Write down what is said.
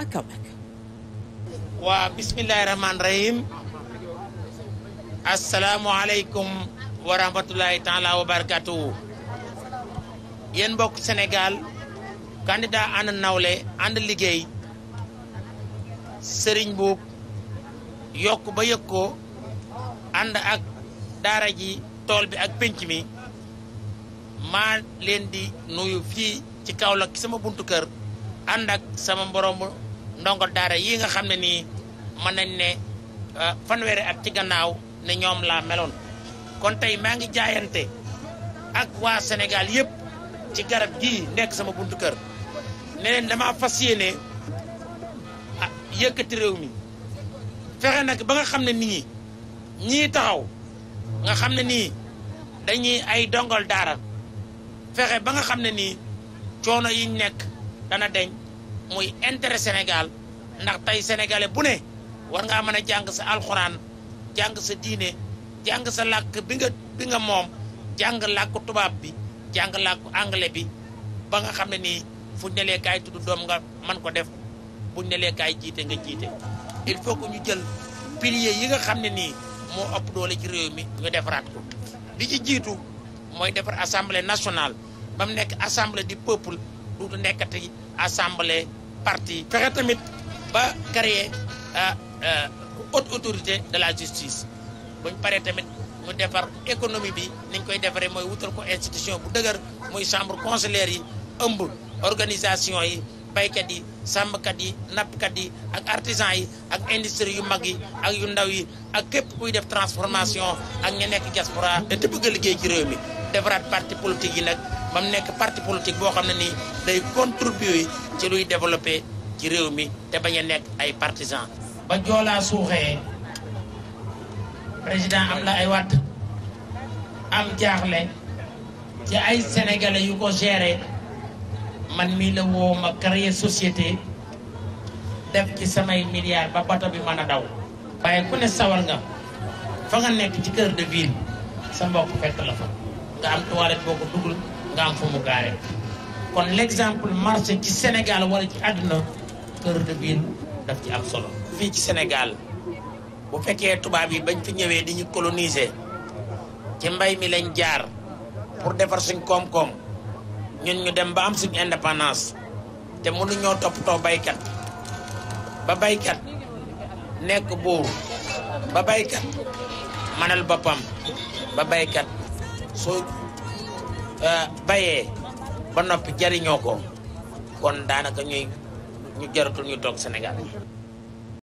ak Kaolack. waa bismillahi rahmaani rahim asalaamualeykum wa rahmatulahi taala wa barakatuhu yéen mbokk Sénégal candidat ànd nawle ànd liggéey sëriñ buub yokk ba yëg ko ànd ak daara ji tool bi ak pénc mi maa leen di nuyu fii ci Kaolack sama buntu kër ànd ak sama mborom ndongo daara yi nga xam ne nii mën nañ ne euh, fanweeri at ci gannaaw ne ñoom laa meloon kon tey maa ngi jaayante ak waa Sénégal yëpp ci garab gii nekk sama buntu kër ne leen damaa yéene ah yëkkati réew mi fexe nag ba nga xam ne nit ñi ñii taxaw nga xam ne nii dañuy ay dongal daara fexe ba nga xam ne nii coono yiñ nekk dana deñ muy intérêt Sénégal ndax tey sénégalais bu ne war ngaa mën a jàng sa alxuraan jàng sa diine jàng sa làkk bi nga bi nga moom jàng làkku tubaab bi jàng làkku anglais bi ba nga xam ne nii fu ne lee tudd doom nga man ko def buñ ne lee kaay jiite nga jiite il faut que ñu jël pilier yi nga xam ne nii moo ëpp doole ci réew mi ñu defaraat ko li ci jiitu mooy defar assemblée nationale ba mu nekk assemblée du peuple du nekkati assemblée parti fexe tamit ba créer euh, euh, haute autorité de la justice buñ paree tamit mu defar économie bi niñ koy defaree mooy wutal ko institution bu dëgër muy chambre consulaire yi ëmbul organisation yi baykat yi sàmmkat yi nappkat yi ak artisan yi ak industrie yu mag yi ak yu ndaw yi ak képp kuy def transformation ak ña nekk diaspora te bëgg liggéey ci réew mi defaraat parti politique yi nag man nekk parti politique boo xam ne nii day contribuer ci luy développer ci réew mi te bañ a nekk ay partisans. ba joolaa suuxee président am la ay watt am jaaxle ci ay sénégalais yu ko gérer man mii la woo ma créer société def ci samay milliards ba bato bi mën a daw. waaye ku ne sawar nga fa nga nekk ci cœur de ville sa mbokk fekk la fa. nga am toilette boo ko dugal nga am fu mu gaare kon l'exemple marché ci Sénégal wala ci àdduna cœur de ville daf ci am solo. fii ci Sénégal bu fekkee tubaab yi bañ fi ñëwee di ñu coloniser ci mbay mi lañ jaar pour defar suñ koom-koom ñun ñu dem ba am si indépendance te mënuñoo toppatoo baykat ba baykat nekk buur ba baykat manal boppam ba baykat. soo eh, bayee ba noppi jariñoo ko kon daanaka ñuy ñu jaratul ñu toog Sénégal